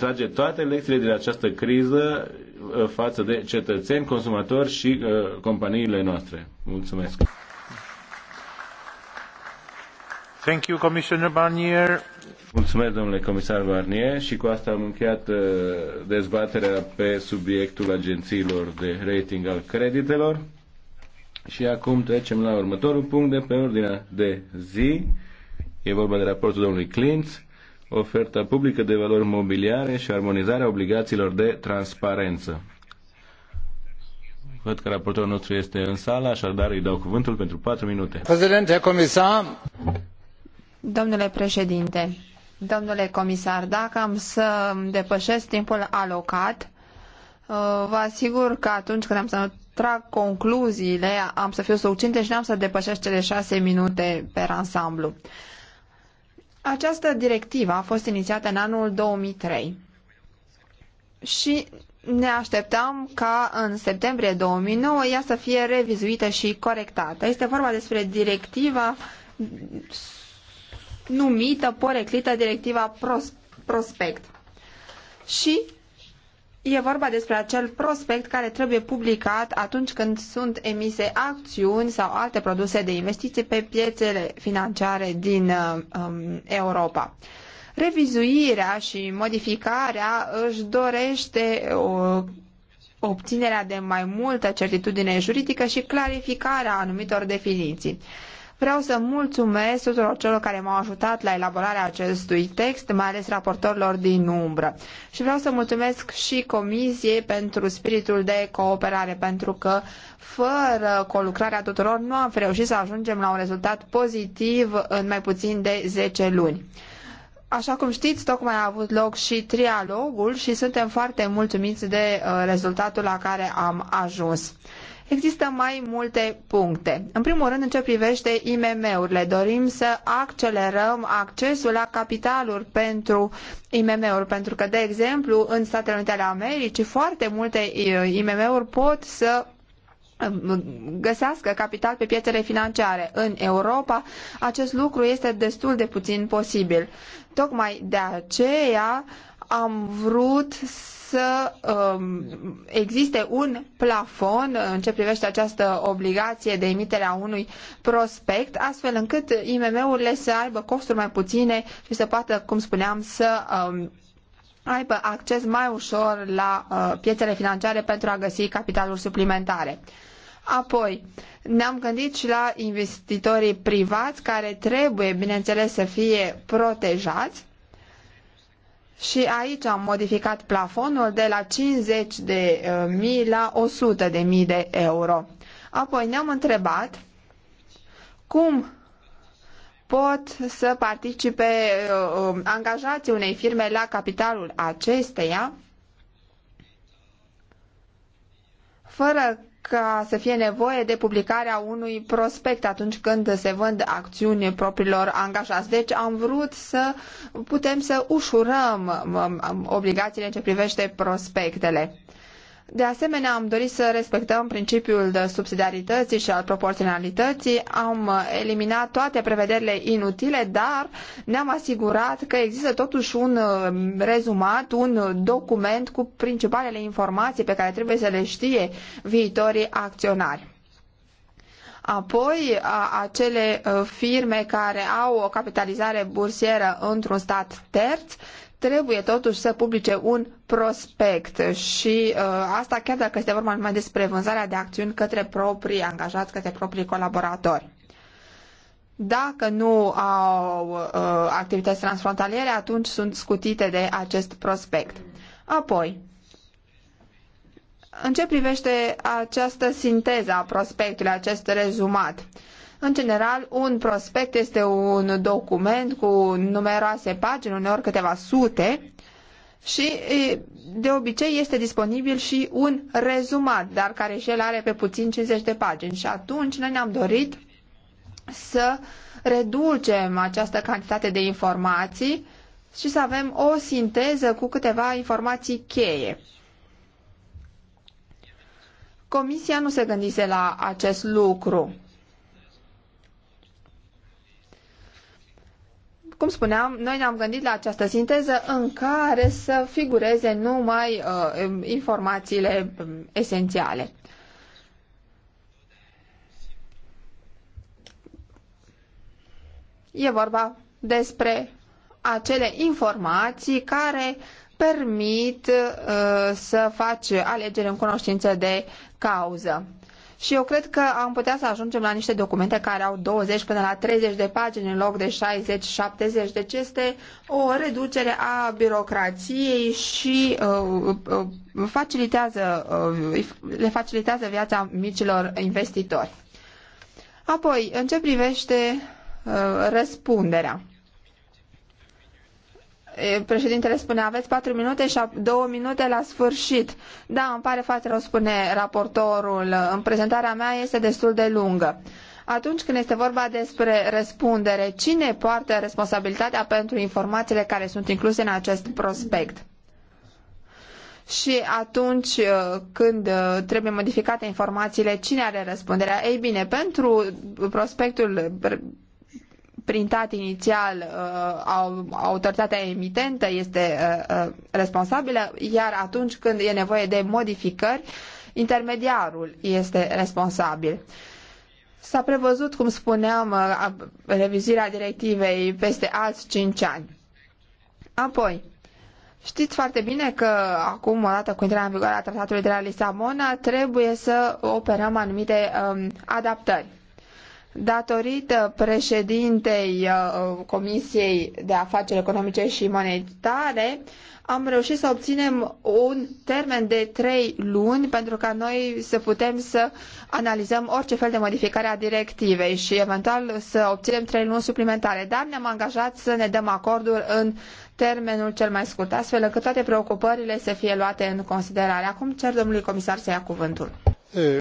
trage toate lecțiile din această criză uh, față de cetățeni, consumatori și uh, companiile noastre. Mulțumesc! Thank you, Commissioner Barnier. Mulțumesc, domnule comisar Barnier, și cu asta am încheiat uh, dezbaterea pe subiectul agențiilor de rating al creditelor. Și acum trecem la următorul punct de pe ordinea de zi. E vorba de raportul domnului Clint oferta publică de valori mobiliare și armonizarea obligațiilor de transparență. Văd că raportorul nostru este în sală, așadar îi dau cuvântul pentru 4 minute. Președinte, comisar. Domnule președinte, domnule comisar, dacă am să depășesc timpul alocat, uh, vă asigur că atunci când am să trag concluziile, am să fiu succinte și n-am să depășesc cele șase minute per ansamblu. Această directivă a fost inițiată în anul 2003 și ne așteptam ca în septembrie 2009 ea să fie revizuită și corectată. Este vorba despre directiva numită, poreclită, directiva prospect. Și E vorba despre acel prospect care trebuie publicat atunci când sunt emise acțiuni sau alte produse de investiții pe piețele financiare din uh, um, Europa. Revizuirea și modificarea își dorește o uh, obținerea de mai multă certitudine juridică și clarificarea anumitor definiții. Vreau să mulțumesc tuturor celor care m-au ajutat la elaborarea acestui text, mai ales raportorilor din umbră. Și vreau să mulțumesc și Comisiei pentru spiritul de cooperare, pentru că fără colucrarea tuturor nu am fi reușit să ajungem la un rezultat pozitiv în mai puțin de zece luni. Așa cum știți, tocmai a avut loc și trialogul și suntem foarte mulțumiți de uh, rezultatul la care am ajuns. Există mai multe puncte. În primul rând, în ce privește IMM-urile, dorim să accelerăm accesul la capitaluri pentru IMM-uri, pentru că, de exemplu, în Statele Unite ale Americii, foarte multe uh, IMM-uri pot să um, găsească capital pe piețele financiare. În Europa, acest lucru este destul de puțin posibil. Tocmai de aceea am vrut să să um, existe un plafon în ce privește această obligație de emitere a unui prospect, astfel încât IMM-urile să aibă costuri mai puține și să poată, cum spuneam, să um, aibă acces mai ușor la uh, piețele financiare pentru a găsi capitaluri suplimentare. Apoi, ne-am gândit și la investitorii privați care trebuie, bineînțeles, să fie protejați și aici am modificat plafonul de la 50 de uh, mii la 100 de mii de euro. Apoi ne-am întrebat cum pot să participe uh, uh angajații unei firme la capitalul acesteia fără ca să fie nevoie de publicarea unui prospect atunci când se vând acțiuni propriilor angajați. Deci am vrut să putem să ușurăm um, um, obligațiile în ce privește prospectele. De asemenea, am dorit să respectăm principiul de subsidiarității și al proporționalității, am eliminat toate prevederile inutile, dar ne-am asigurat că există totuși un uh, rezumat, un document cu principalele informații pe care trebuie să le știe viitorii acționari. Apoi, acele uh, firme care au o capitalizare bursieră într-un stat terț trebuie totuși să publice un prospect și uh, asta chiar dacă este vorba numai despre vânzarea de acțiuni către proprii angajați, către proprii colaboratori. Dacă nu au uh, activități transfrontaliere, atunci sunt scutite de acest prospect. Apoi, în ce privește această sinteză a prospectului, acest rezumat, uh, în general, un prospect este un document cu numeroase pagini, uneori câteva sute, și de obicei este disponibil și un rezumat, dar care și el are pe puțin 50 de pagini. Și atunci noi ne-am dorit să reducem această cantitate de informații și să avem o sinteză cu câteva informații cheie. Comisia nu se gândise la acest lucru. Cum spuneam, noi ne-am gândit la această sinteză în care să figureze numai uh, um, informațiile um, esențiale. E vorba despre acele informații care permit uh, să faci alegeri în cunoștință de cauză și eu cred că am putea să ajungem la niște documente care au 20 până la 30 de pagini în loc de 60-70, deci este o reducere a birocrației și uh, uh, facilitează, uh, le facilitează viața micilor investitori. Apoi, în ce privește uh, răspunderea? Președintele spune, aveți patru minute și două minute la sfârșit. Da, îmi pare foarte rău, spune raportorul, în prezentarea mea este destul de lungă. Atunci când este vorba despre răspundere, cine poartă responsabilitatea pentru informațiile care sunt incluse în acest prospect? și atunci uh, când uh, trebuie modificate informațiile, cine are răspunderea? Ei bine, pentru prospectul printat inițial, uh, autoritatea emitentă este uh, uh, responsabilă, iar atunci când e nevoie de modificări, intermediarul este responsabil. S-a prevăzut, cum spuneam, revizuirea directivei peste alți cinci ani. Apoi, Știți foarte bine că acum, odată cu intrarea în vigoare a tratatului de la Lisabona, trebuie să operăm anumite um, adaptări. Datorită președintei uh, Comisiei de Afaceri Economice și Monetare, am reușit să obținem un termen de trei luni pentru ca noi să putem să analizăm orice fel de modificare a directivei și eventual să obținem trei luni suplimentare. Dar ne-am angajat să ne dăm acordul în termenul cel mai scurt, astfel încât toate preocupările să fie luate în considerare. Acum cer domnului comisar să ia cuvântul.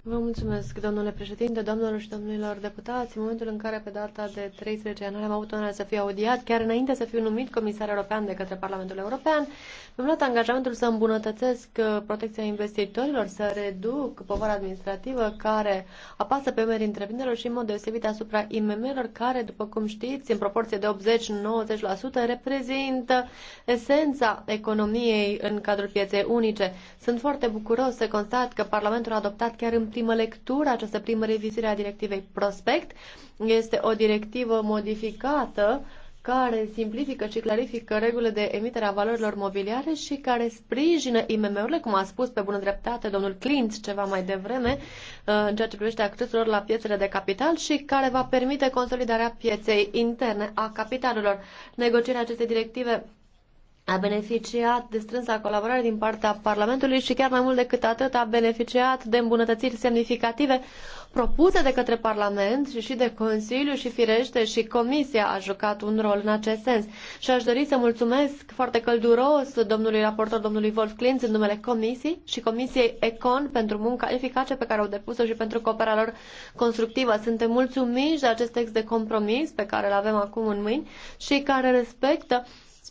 Vă mulțumesc, domnule președinte, domnilor și domnilor deputați. În momentul în care, pe data de 13 ianuarie, am avut onoarea să fiu audiat, chiar înainte să fiu numit comisar european de către Parlamentul European, mi-am luat angajamentul să îmbunătățesc uh, protecția investitorilor, să reduc povara administrativă care apasă pe merii întreprinderilor și, în mod deosebit, asupra IMM-urilor, care, după cum știți, în proporție de 80-90%, reprezintă esența economiei în cadrul pieței unice. Sunt foarte bucuros să constat că Parlamentul a adoptat chiar în primă lectură această primă revizire a directivei Prospect. Este o directivă modificată care simplifică și clarifică regulile de emitere a valorilor mobiliare și care sprijină IMM-urile, cum a spus pe bună dreptate domnul Clint ceva mai devreme, uh, în ceea ce privește accesul lor la piețele de capital și care va permite consolidarea pieței interne a capitalurilor. Negocierea acestei directive a beneficiat de strânsa colaborare din partea Parlamentului și chiar mai mult decât atât a beneficiat de îmbunătățiri semnificative propuse de către Parlament și și de Consiliu și firește și Comisia a jucat un rol în acest sens. Și aș dori să mulțumesc foarte călduros domnului raportor, domnului Wolf Klintz, în numele Comisiei și Comisiei Econ pentru munca eficace pe care au depus-o și pentru cooperarea lor constructivă. Suntem mulțumiți de acest text de compromis pe care îl avem acum în mâini și care respectă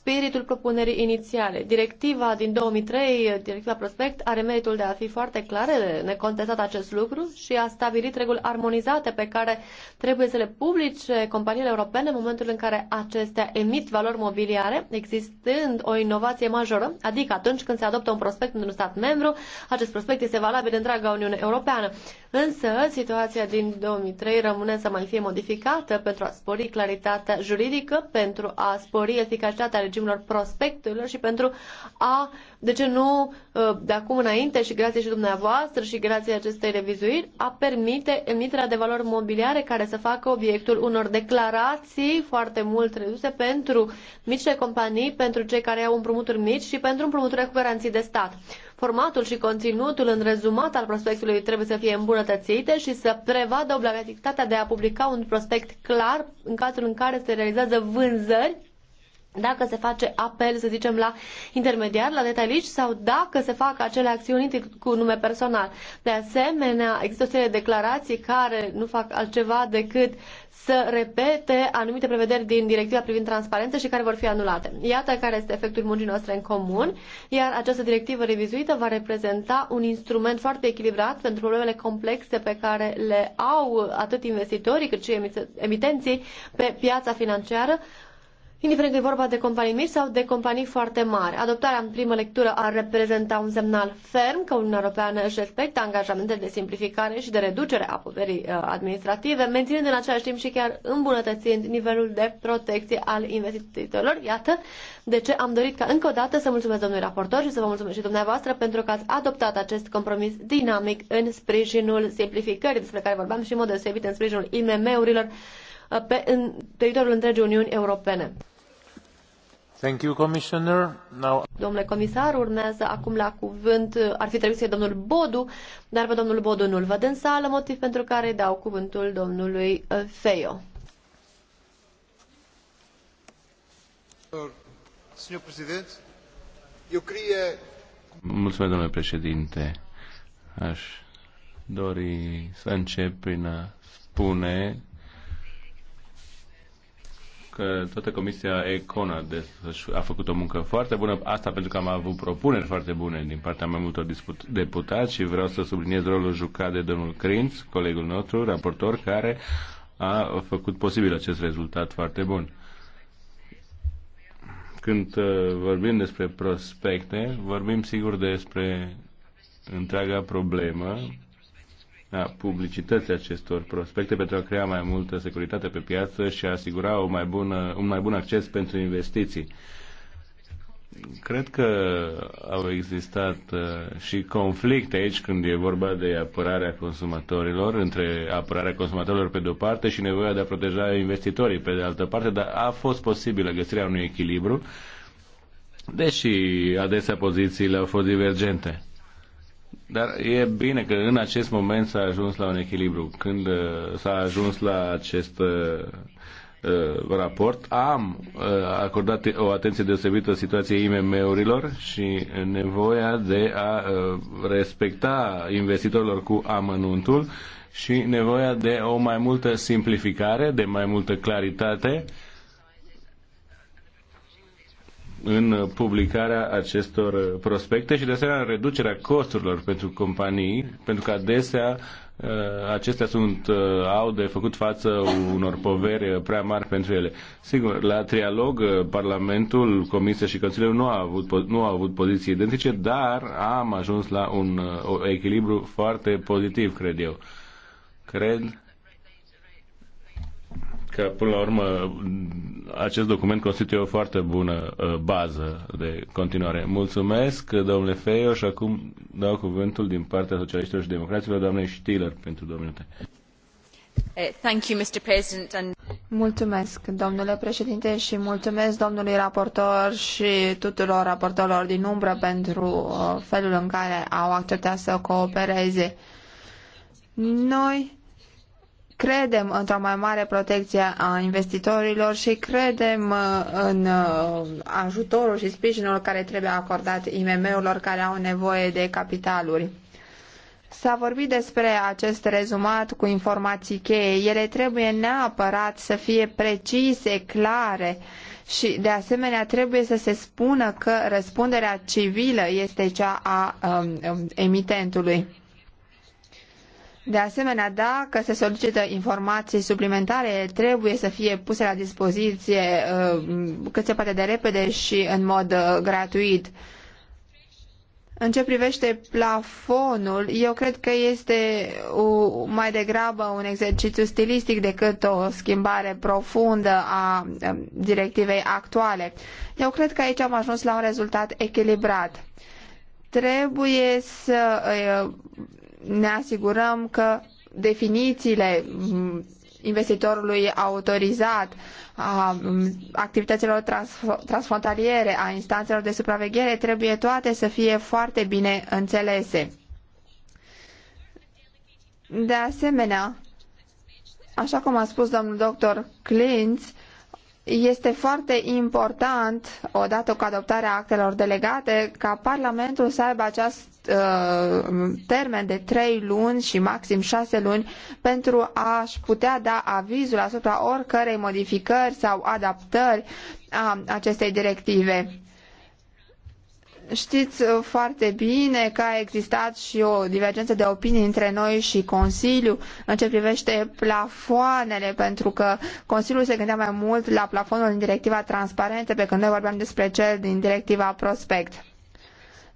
spiritul propunerii inițiale. Directiva din 2003, directiva prospect, are meritul de a fi foarte clară, necontestat acest lucru și a stabilit reguli armonizate pe care trebuie să le publice companiile europene în momentul în care acestea emit valori mobiliare, existând o inovație majoră, adică atunci când se adoptă un prospect într-un stat membru, acest prospect este valabil în întreaga Uniune Europeană. Însă, situația din 2003 rămâne să mai fie modificată pentru a spori claritatea juridică, pentru a spori eficacitatea regimurilor prospectelor și pentru a, de ce nu, ă, de acum înainte și grație și dumneavoastră și grație acestei revizuiri, a permite emiterea de valori mobiliare care să facă obiectul unor declarații foarte mult reduse pentru micile companii, pentru cei care au împrumuturi mici și pentru împrumuturile cu garanții de stat. Formatul și conținutul în rezumat al prospectului trebuie să fie îmbunătățite și să prevadă obligativitatea de a publica un prospect clar în cazul în care se realizează vânzări dacă se face apel, să zicem, la intermediar, la detaliști sau dacă se fac acele acțiuni cu nume personal. De asemenea, există o serie de declarații care nu fac altceva decât să repete anumite prevederi din directiva privind transparență și care vor fi anulate. Iată care este efectul muncii noastre în comun, iar această directivă revizuită va reprezenta un instrument foarte echilibrat pentru problemele complexe pe care le au atât investitorii cât și emitenții pe piața financiară, indiferent că e vorba de companii mici sau de companii foarte mari. Adoptarea în primă lectură ar reprezenta un semnal ferm că Uniunea Europeană își respectă angajamentele de simplificare și de reducere a poverii uh, administrative, menținând în același timp și chiar îmbunătățind nivelul de protecție al investitorilor. Iată de ce am dorit ca încă o dată să mulțumesc domnului raportor și să vă mulțumesc și dumneavoastră pentru că ați adoptat acest compromis dinamic în sprijinul simplificării despre care vorbeam și în mod deosebit în sprijinul IMM-urilor Uh, pe în teritoriul întregii Uniuni Europene. Thank you, Commissioner. Now... Domnule comisar, urmează acum la cuvânt, uh, ar fi trebuit să fie domnul Bodu, dar pe domnul Bodu nu-l văd în sală, motiv pentru care dau cuvântul domnului uh, Feio. Mulțumesc, domnule președinte. Aș dori să încep prin a spune că toată Comisia Econ a făcut o muncă foarte bună. Asta pentru că am avut propuneri foarte bune din partea mai multor deputați și vreau să subliniez rolul jucat de domnul Crinț, colegul nostru, raportor, care a făcut posibil acest rezultat foarte bun. Când uh, vorbim despre prospecte, vorbim sigur despre întreaga problemă a publicității acestor prospecte pentru a crea mai multă securitate pe piață și a asigura o mai bună, un mai bun acces pentru investiții. Cred că au existat uh, și conflicte aici când e vorba de apărarea consumatorilor, între apărarea consumatorilor pe de-o parte și nevoia de a proteja investitorii pe de altă parte, dar a fost posibilă găsirea unui echilibru, deși adesea pozițiile au fost divergente. Dar e bine că în acest moment s-a ajuns la un echilibru. Când uh, s-a ajuns la acest uh, uh, raport. Am acordat o atenție deosebită situației IMM-urilor și nevoia de a respecta investitorilor cu amănuntul și nevoia de o mai multă simplificare, de mai multă claritate în publicarea acestor prospecte și de asemenea în reducerea costurilor pentru companii, pentru că adesea uh, acestea sunt, uh, au de făcut față unor poveri prea mari pentru ele. Sigur, la trialog, uh, Parlamentul, Comisia și Consiliul nu au avut, nu au avut poziții identice, dar am ajuns la un echilibru foarte pozitiv, cred eu. Cred că, până la urmă, acest document constituie o foarte bună uh, bază de continuare. Mulțumesc, domnule Feio, și acum dau cuvântul din partea socialiștilor și democraților, doamnei Stiller, pentru două minute. Eh, thank you, Mr. President, and... Mulțumesc, domnule președinte, și mulțumesc domnului raportor și tuturor raportorilor din umbră pentru uh, felul în care au acceptat să coopereze. Noi Credem într-o mai mare protecție a investitorilor și credem uh, în uh, ajutorul și sprijinul care trebuie acordat IMM-urilor care au nevoie de capitaluri. S-a vorbit despre acest rezumat cu informații cheie. Ele trebuie neapărat să fie precise, clare și, de asemenea, trebuie să se spună că răspunderea civilă este cea a um, um emitentului. De asemenea, dacă se solicită informații suplimentare, trebuie să fie puse la dispoziție uh, cât se poate de repede și în mod uh, gratuit. În ce privește plafonul, eu cred că este o, mai degrabă un exercițiu stilistic decât o schimbare profundă a um, directivei actuale. Eu cred că aici am ajuns la un rezultat echilibrat. Trebuie să uh, ne asigurăm că definițiile investitorului autorizat, a activităților transfrontaliere, a instanțelor de supraveghere, trebuie toate să fie foarte bine înțelese. De asemenea, așa cum a spus domnul doctor Clintz, este foarte important, odată cu adoptarea actelor delegate, ca Parlamentul să aibă acest uh, termen de trei luni și maxim 6 luni pentru a-și putea da avizul asupra oricărei modificări sau adaptări a acestei directive. Știți uh, foarte bine că a existat și o divergență de opinii între noi și Consiliu în ce privește plafoanele, pentru că Consiliul se gândea mai mult la plafonul din directiva transparente, pe când noi vorbeam despre cel din directiva prospect.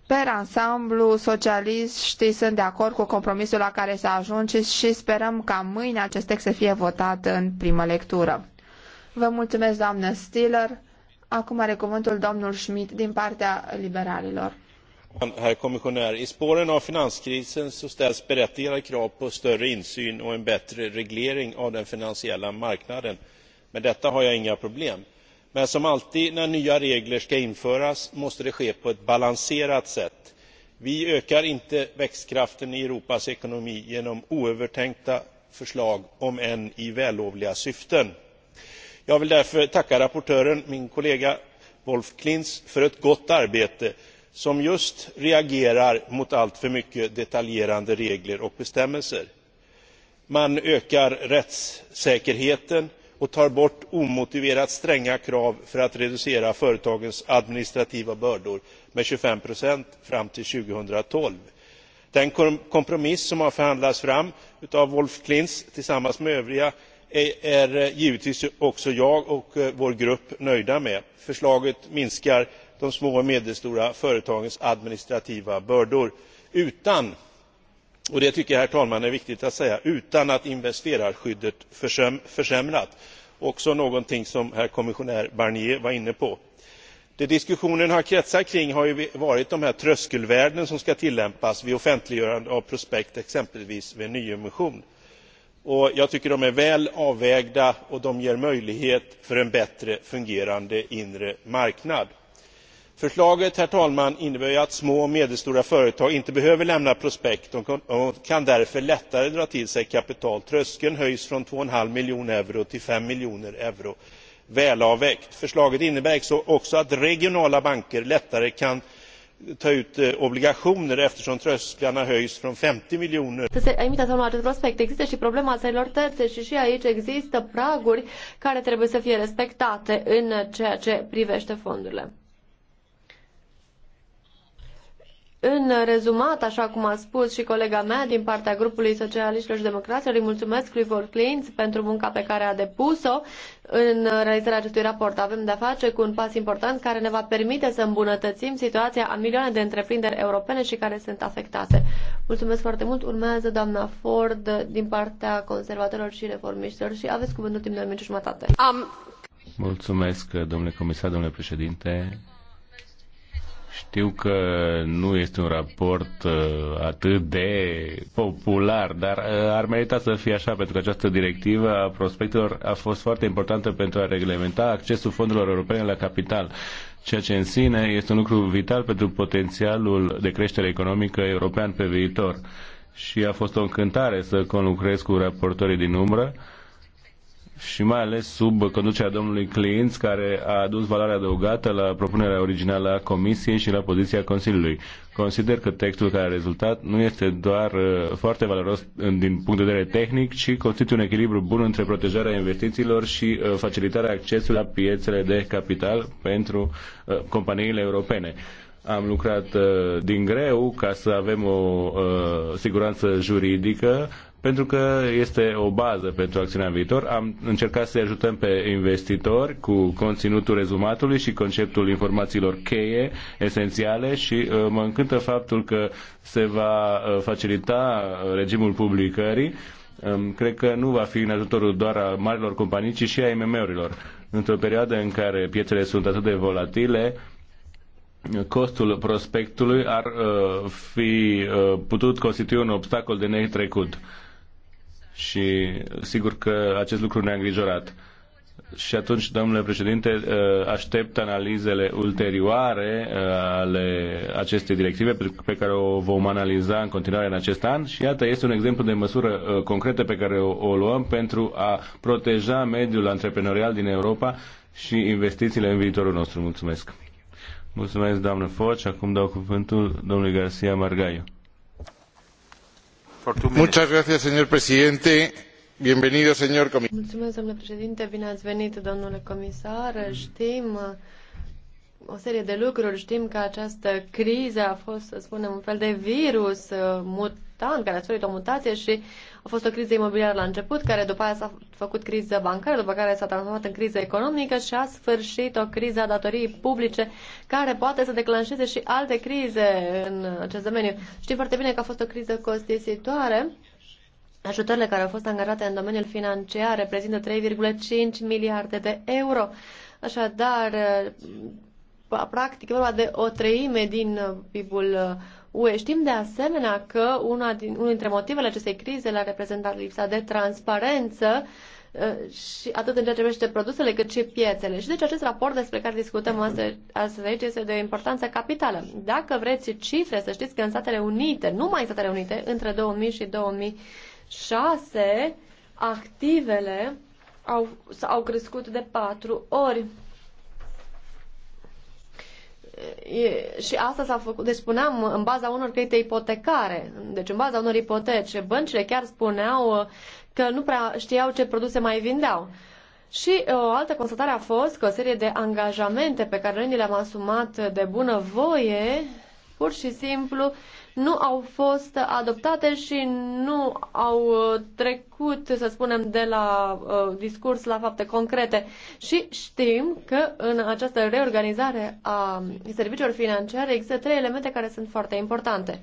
Per ansamblu, socialiștii sunt de acord cu compromisul la care s-a ajuns și sperăm ca mâine acest text să fie votat în primă lectură. Vă mulțumesc, doamnă Stiller. Acum are cuvântul domnul Schmidt din partea liberalilor. Herr kommissionär, i spåren av finanskrisen så ställs berättigade krav på större insyn och en bättre reglering av den finansiella marknaden. Med detta har jag inga problem. Men som alltid när nya regler ska införas måste det ske på ett balanserat sätt. Vi ökar inte växtkraften i Europas ekonomi genom oövertänkta förslag, om än i vällovliga syften jag vill därför tacka rapportören min kollega wolf klinz för ett gott arbete som just reagerar mot alltför mycket detaljerade regler och bestämmelser. Man ökar rättssäkerheten och tar bort omotiverat stränga krav för att reducera företagens administrativa bördor med tjugofem fram till. två thousand and twelve den kompromiss som har förhandlats fram av wolf klinz tillsammans med övriga är eh, givetvis också jag och eh, vår grupp nöjda med. förslaget minskar de små och medelstora företagens administrativa bördor utan och det tycker jag herr talman är viktigt att säga att investerarskyddet försämras det är också någonting som herr kommissionär barnier var inne på. det diskussionen har kretsat kring har varit de tröskelvärden som skall tillämpas vid offentliggörande av prospekt exempelvis vid nyemission jag tycker att de är väl avvägda och ger möjlighet för en bättre fungerande inre marknad. Förslaget herr talman innebär att små och medelstora företag inte behöver lämna prospekt och kan därför lättare dra till sig kapital. Tröskeln höjs från två och en halv miljon euro till fem miljoner euro. det är väl avvägt. Förslaget innebär också att regionala banker lättare kan ta ut eh, obligationer eftersom trösklarna höjs från 50 miljoner. Se emită sau nu acest prospect. Există și problema țărilor terțe și și aici există praguri care trebuie să fie respectate în ceea ce privește fondurile. În rezumat, așa cum a spus și colega mea din partea grupului socialiștilor și democraților, îi mulțumesc lui Volklins pentru munca pe care a depus-o în realizarea acestui raport. Avem de-a face cu un pas important care ne va permite să îmbunătățim situația a milioane de întreprinderi europene și care sunt afectate. Mulțumesc foarte mult. Urmează doamna Ford din partea conservatorilor și reformiștilor și aveți cuvântul timp de o jumătate. Am... Mulțumesc, domnule comisar, domnule președinte știu că nu este un raport uh, atât de popular, dar uh, ar merita să fie așa, pentru că această directivă a prospectelor a fost foarte importantă pentru a reglementa accesul fondurilor europene la capital, ceea ce în sine este un lucru vital pentru potențialul de creștere economică european pe viitor. Și a fost o încântare să conlucrez cu raportorii din umbră și mai ales sub conducerea domnului Clinț, care a adus valoare adăugată la propunerea originală a Comisiei și la poziția Consiliului. Consider că textul care a rezultat nu este doar uh, foarte valoros din punct de vedere tehnic, ci constituie un echilibru bun între protejarea investițiilor și uh, facilitarea accesului la piețele de capital pentru uh, companiile europene am lucrat uh, din greu ca să avem o uh, siguranță juridică pentru că este o bază pentru acțiunea în viitor. Am încercat să-i ajutăm pe investitori cu conținutul rezumatului și conceptul informațiilor cheie, esențiale și uh, mă încântă faptul că se va uh, facilita uh, regimul publicării. Um, cred că nu va fi în ajutorul doar a marilor companii, ci și a IMM-urilor. Într-o perioadă în care piețele sunt atât de volatile, costul prospectului ar uh, fi uh, putut constitui un obstacol de netrecut și sigur că acest lucru ne-a îngrijorat. Și atunci, domnule președinte, uh, aștept analizele ulterioare uh, ale acestei directive pe care o vom analiza în continuare în acest an și iată, este un exemplu de măsură uh, concretă pe care o, luăm pentru a proteja mediul antreprenorial din Europa și investițiile în viitorul nostru. Mulțumesc! Mulțumesc, doamnă Foci. Acum dau cuvântul domnului Garcia Margaiu domnule președinte bine ați venit domnule comisar. știm uh, o serie de lucruri. Știm că această criză a fost, să spunem, un fel de virus uh, mutant, care a suferit o mutație și a fost o criză imobiliară la început, care după aia s-a făcut criză bancară, după care s-a transformat în criză economică și a sfârșit o criză a datoriei publice, care poate să declanșeze și alte crize în acest domeniu. Știm foarte bine că a fost o criză costisitoare. Ajutoarele care au fost angajate în domeniul financiar reprezintă 3,5 miliarde de euro. Așadar, practic, e vorba de o treime din PIB-ul UE. Știm de asemenea că una din, unul dintre motivele acestei crize l-a reprezentat lipsa de transparență uh, și atât în ceea ce privește produsele cât și piețele. Și deci acest raport despre care discutăm astăzi, aici este de o importanță capitală. Dacă vreți cifre, să știți că în Statele Unite, numai în Statele Unite, între 2000 și 2006, activele au, au crescut de patru ori e, și asta s-a făcut, deci spuneam, în baza unor credite ipotecare, deci în baza unor ipoteci, băncile chiar spuneau uh, că nu prea știau ce produse mai vindeau. Și uh, o altă constatare a fost că o serie de angajamente pe care noi ni le-am asumat de bunăvoie, pur și simplu, nu au fost adoptate și nu au uh, trecut, să spunem, de la uh, discurs la fapte concrete. Și știm că în această reorganizare a serviciilor financiare există trei elemente care sunt foarte importante.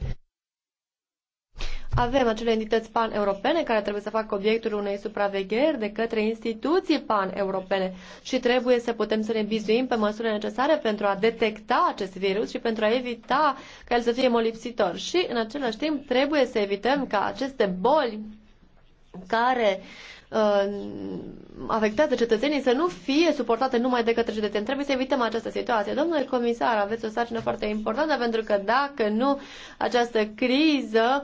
Avem acele entități pan-europene care trebuie să facă obiectul unei supravegheri de către instituții pan-europene și trebuie să putem să ne bizuim pe măsurile necesare pentru a detecta acest virus și pentru a evita ca el să fie molipsitor. Și, în același timp, trebuie să evităm ca aceste boli care uh, afectează cetățenii să nu fie suportate numai de către cetățeni. Trebuie să evităm această situație. Domnule comisar, aveți o sarcină foarte importantă pentru că dacă nu, această criză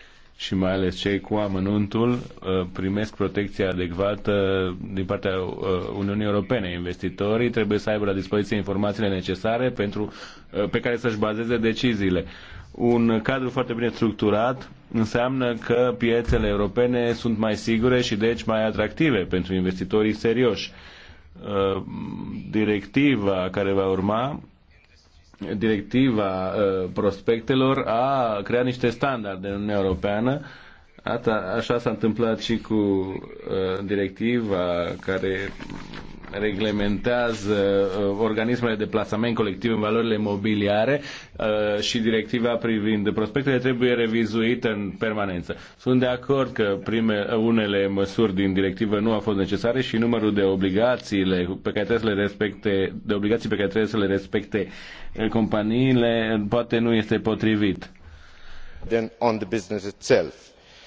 și mai ales cei cu amănuntul uh, primesc protecția adecvată din partea uh, Uniunii Europene. Investitorii trebuie să aibă la dispoziție informațiile necesare pentru, uh, pe care să-și bazeze deciziile. Un cadru foarte bine structurat înseamnă că piețele europene sunt mai sigure și deci mai atractive pentru investitorii serioși. Directiva care va urma directiva uh, prospectelor a creat niște standarde în Uniunea Europeană. așa s-a întâmplat și cu uh, directiva care reglementează uh, organismele de plasament colectiv în valorile mobiliare uh, și directiva privind prospectele trebuie revizuită în permanență. Sunt de acord că prime, unele măsuri din directivă nu au fost necesare și numărul de obligațiile pe care trebuie să le respecte, de obligații pe care trebuie să le respecte uh, companiile poate nu este potrivit. Then on the business itself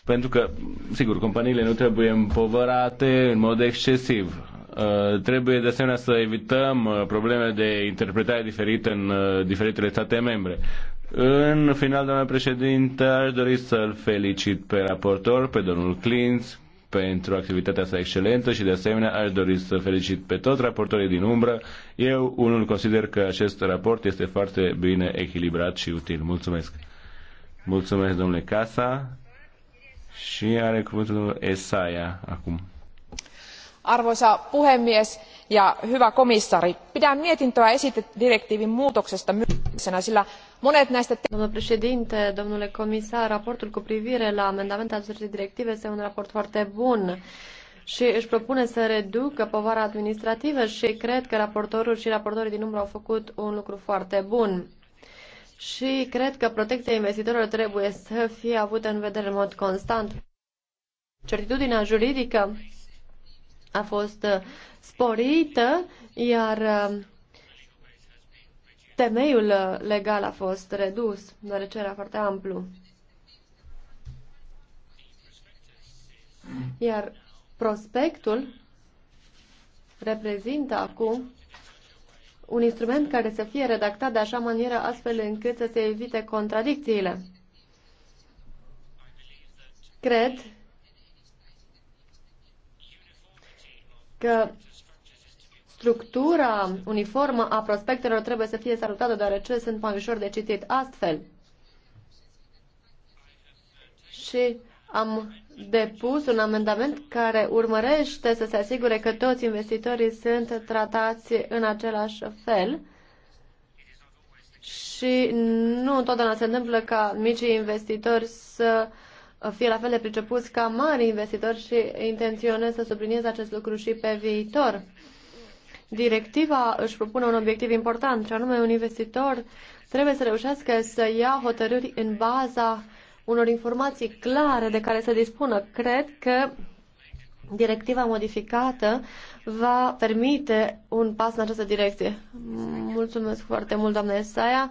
pentru că, sigur, companiile nu trebuie împovărate în mod excesiv. Uh, trebuie de asemenea să evităm uh, probleme de interpretare diferită în uh, diferitele state membre. În final, doamna președinte, aș dori să-l felicit pe raportor, pe domnul Clintz, pentru activitatea sa excelentă și de asemenea aș dori să felicit pe toți raportorii din umbră. Eu unul consider că acest raport este foarte bine echilibrat și util. Mulțumesc! Mulțumesc, domnule Casa. Și are cuvântul domnul Esaia acum arvoisa puhemies hyvä komission jäsen pidän mietintöä esitedirektiivin muutoksesta myönteisenä sillä monet näistä. doamnă președinte domnule comisar raportul cu privire la amendamentele acestei directive este un raport foarte bun și își propune să reducă povara administrativă și cred că raportorul și raportorii din umbră au făcut un lucru foarte bun. Și cred că protecția investitorilor trebuie să fie avută în vedere în mod constant. Certitudinea juridică a fost uh, sporită, iar uh, temeiul uh, legal a fost redus, deoarece era foarte amplu. Iar prospectul reprezintă acum un instrument care să fie redactat de așa manieră astfel încât să se evite contradicțiile. Cred că structura uniformă a prospectelor trebuie să fie salutată, deoarece sunt mai ușor de citit astfel. Și am depus un amendament care urmărește să se asigure că toți investitorii sunt tratați în același fel și nu întotdeauna se întâmplă ca micii investitori să uh, fie la fel de pricepuți ca mari investitori și intenționez să subliniez acest lucru și pe viitor. Directiva își propune un obiectiv important, și anume un investitor trebuie să reușească să ia hotărâri în baza unor informații clare de care să dispună. Cred că directiva modificată va permite un pas în această direcție. Mulțumesc foarte mult, doamna Esaia.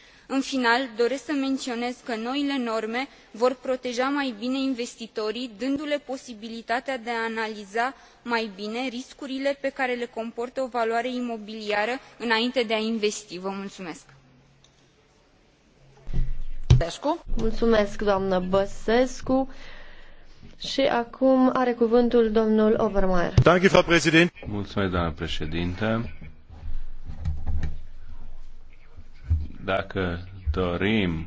în final doresc să menionez că noile norme vor proteja mai bine investitorii dându le posibilitatea de a analiza mai bine riscurile pe care le comportă o valoare imobiliară înainte de a investi. Mulțumesc, Băsescu. Și acum are cuvântul domnul Mulțumesc, Dacă dorim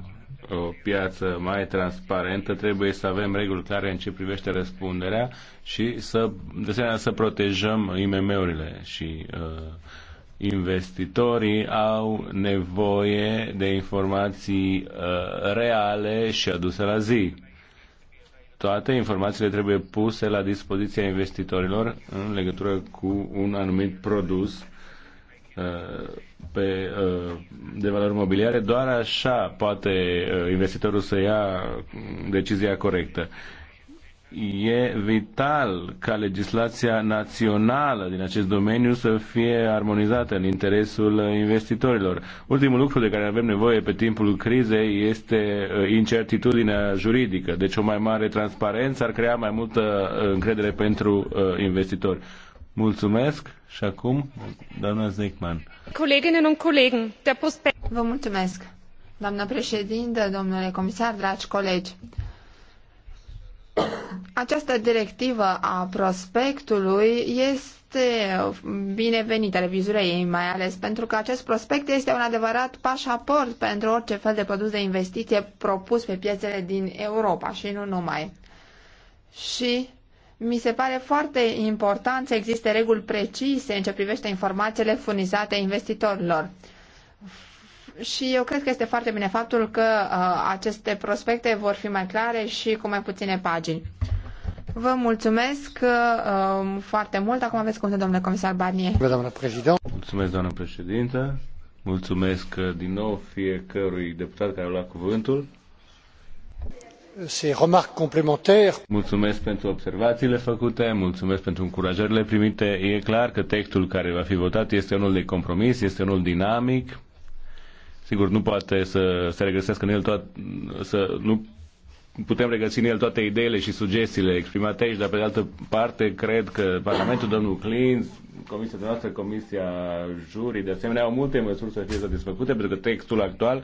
o piață mai transparentă, trebuie să avem reguli clare în ce privește răspunderea și să, de asemenea, să protejăm IMM-urile și uh, investitorii au nevoie de informații uh, reale și aduse la zi. Toate informațiile trebuie puse la dispoziția investitorilor în legătură cu un anumit produs uh, pe uh, de valori mobiliare, doar așa poate uh, investitorul să ia decizia corectă. E vital ca legislația națională din acest domeniu să fie armonizată în interesul uh, investitorilor. Ultimul lucru de care avem nevoie pe timpul crizei este incertitudinea juridică. Deci o mai mare transparență ar crea mai multă încredere pentru investitori. Mulțumesc și acum, doamna Zeckman. der Vă mulțumesc, doamna președintă, domnule comisar, dragi colegi. Această directivă a prospectului este binevenită revizura ei, mai ales pentru că acest prospect este un adevărat pașaport pentru orice fel de produs de investiție propus pe piețele din Europa și nu numai. Și mi se pare foarte important să existe reguli precise în ce privește informațiile furnizate investitorilor. Și eu cred că este foarte bine faptul că uh, aceste prospecte vor fi mai clare și cu mai puține pagini. Vă mulțumesc uh, um, foarte mult. Acum aveți cuvântul, domnule comisar Barnier. Mulțumesc, doamnă președintă. Mulțumesc uh, din nou fiecărui deputat care a luat cuvântul ces remarques complémentaires. Mulțumesc pentru observațiile făcute, mulțumesc pentru încurajările primite. E clar că textul care va fi votat este unul de compromis, este unul dinamic. Sigur, nu poate să se regăsească în el toate, să nu putem regăsi în el toate ideile și sugestiile exprimate aici, dar pe de altă parte cred că Parlamentul, domnul Clint, Comisia noastră, Comisia Jurii, de asemenea, au multe măsuri să fie satisfăcute, pentru că textul actual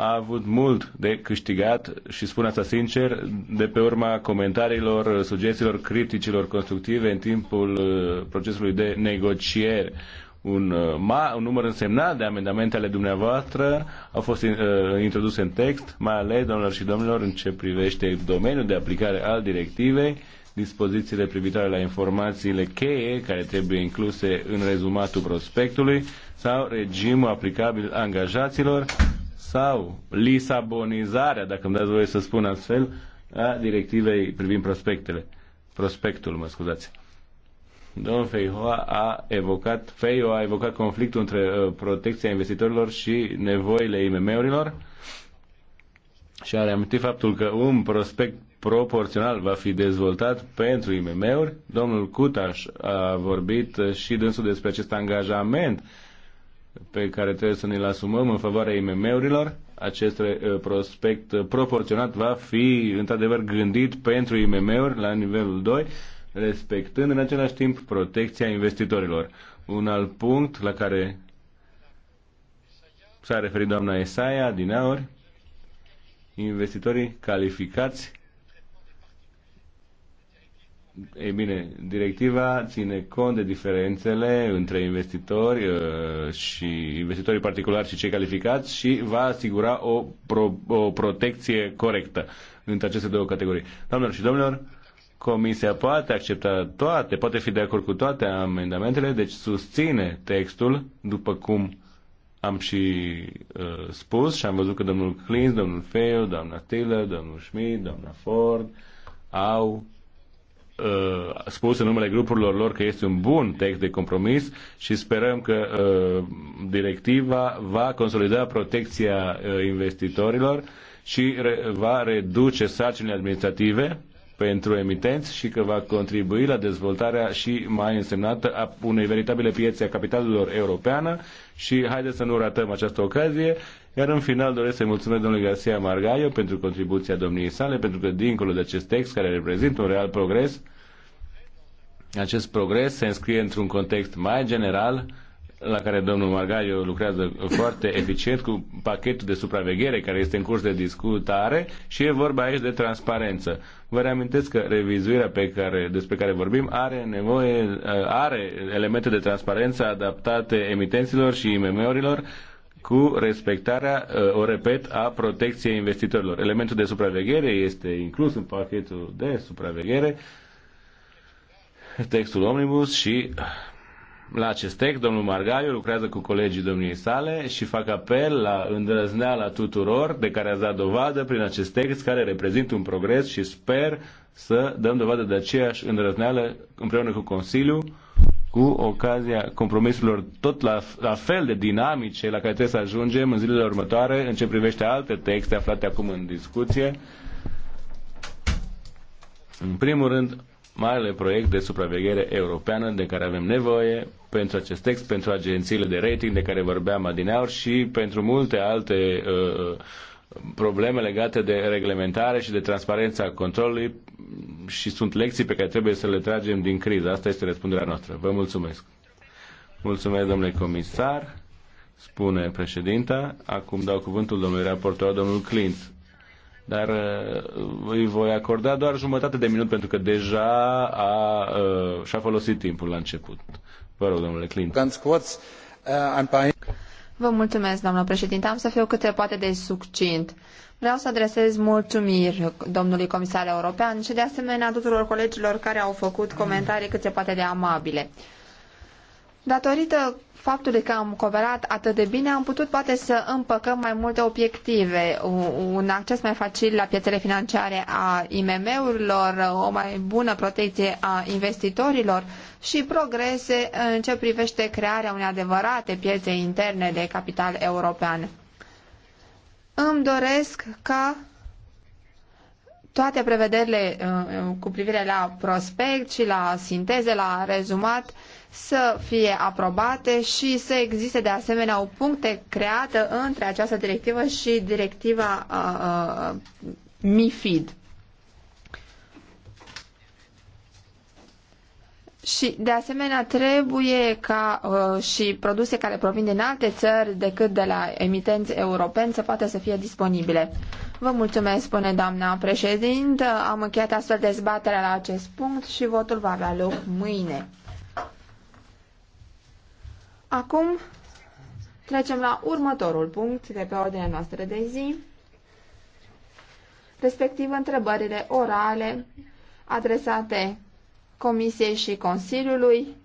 a avut mult de câștigat și spun asta sincer, de pe urma comentariilor, sugestiilor, criticilor constructive în timpul uh, procesului de negociere. Un, uh, ma, un număr însemnat de amendamente ale dumneavoastră au fost uh, introduse în text, mai ales, domnilor și domnilor, în ce privește domeniul de aplicare al directivei, dispozițiile privitoare la informațiile cheie care trebuie incluse în rezumatul prospectului sau regimul aplicabil angajaților, sau lisabonizarea, dacă îmi dați voie să spun astfel, a directivei privind prospectele. Prospectul, mă scuzați. Domnul Feio a evocat, Feio a evocat conflictul între uh, protecția investitorilor și nevoile IMM-urilor și a reamintit faptul că un prospect proporțional va fi dezvoltat pentru IMM-uri. Domnul Cutaș a vorbit și dânsul despre acest angajament pe care trebuie să ne-l asumăm în favoarea IMM-urilor. Acest uh, prospect uh, proporționat va fi într-adevăr gândit pentru IMM-uri la nivelul 2, respectând în același timp protecția investitorilor. Un alt punct la care s-a referit doamna Esaia din aur, investitorii calificați E bine, directiva ține cont de diferențele între investitori uh, și investitorii particulari și cei calificați și va asigura o, pro, o protecție corectă între aceste două categorii. Doamnelor și domnilor, Comisia poate accepta toate, poate fi de acord cu toate amendamentele, deci susține textul după cum am și uh, spus și am văzut că domnul Clins, domnul Feu, doamna Taylor, domnul Schmidt, doamna Ford au uh, spus în numele grupurilor lor că este un bun text de compromis și sperăm că uh, directiva va consolida protecția uh, investitorilor și re- va reduce sarcinile administrative pentru emitenți și că va contribui la dezvoltarea și mai însemnată a unei veritabile piețe a capitalurilor europeană și haideți să nu ratăm această ocazie iar în final doresc să-i mulțumesc domnului Garcia Margaio pentru contribuția domniei sale, pentru că dincolo de acest text care reprezintă un real progres, acest progres se înscrie într-un context mai general la care domnul Margaio lucrează foarte eficient cu pachetul de supraveghere care este în curs de discutare și e vorba aici de transparență. Vă reamintesc că revizuirea pe care, despre care vorbim are nevoie, are elemente de transparență adaptate emitenților și IMM-urilor, cu respectarea, uh, o repet, a protecției investitorilor. Elementul de supraveghere este inclus în pachetul de supraveghere, textul Omnibus și uh, la acest text domnul Margaiu lucrează cu colegii domniei sale și fac apel la îndrăzneala tuturor de care a dat dovadă prin acest text care reprezintă un progres și sper să dăm dovadă de aceeași îndrăzneală împreună cu Consiliul cu ocazia compromisurilor tot la, la fel de dinamice la care trebuie să ajungem în zilele următoare în ce privește alte texte aflate acum în discuție. În primul rând, marele proiect de supraveghere europeană de care avem nevoie pentru acest text, pentru agențiile de rating de care vorbeam adineauri și pentru multe alte uh, uh probleme legate de reglementare și de transparența controlului și sunt lecții pe care trebuie să le tragem din criză. Asta este răspunderea noastră. Vă mulțumesc. Mulțumesc, domnule comisar, spune președinta. Acum dau cuvântul domnului raportor, domnul Clint. Dar uh, îi voi acorda doar jumătate de minut pentru că deja a, uh, și-a folosit timpul la început. Vă rog, domnule Clint. Uh, Vă mulțumesc, doamnă președinte. Am să fiu cât se poate de succint. Vreau să adresez mulțumiri domnului comisar european și de asemenea tuturor colegilor care au făcut comentarii cât se poate de amabile. Datorită faptului că am cooperat atât de bine, am putut poate să împăcăm mai multe obiective, un acces mai facil la piețele financiare a IMM-urilor, o mai bună protecție a investitorilor și progrese în ce privește crearea unei adevărate piețe interne de capital european. Îmi doresc ca toate prevederile uh, uh, cu privire la prospect și la sinteze, la rezumat, să fie aprobate și să existe de asemenea o puncte creată între această directivă și directiva uh, MIFID. Și, de asemenea, trebuie ca uh, și produse care provin din alte țări decât de la emitenți europeni să poată să fie disponibile. Vă mulțumesc, spune doamna președintă. Am încheiat astfel dezbaterea la acest punct și votul va avea loc mâine. Acum trecem la următorul punct de pe ordinea noastră de zi, respectiv întrebările orale adresate Comisiei și Consiliului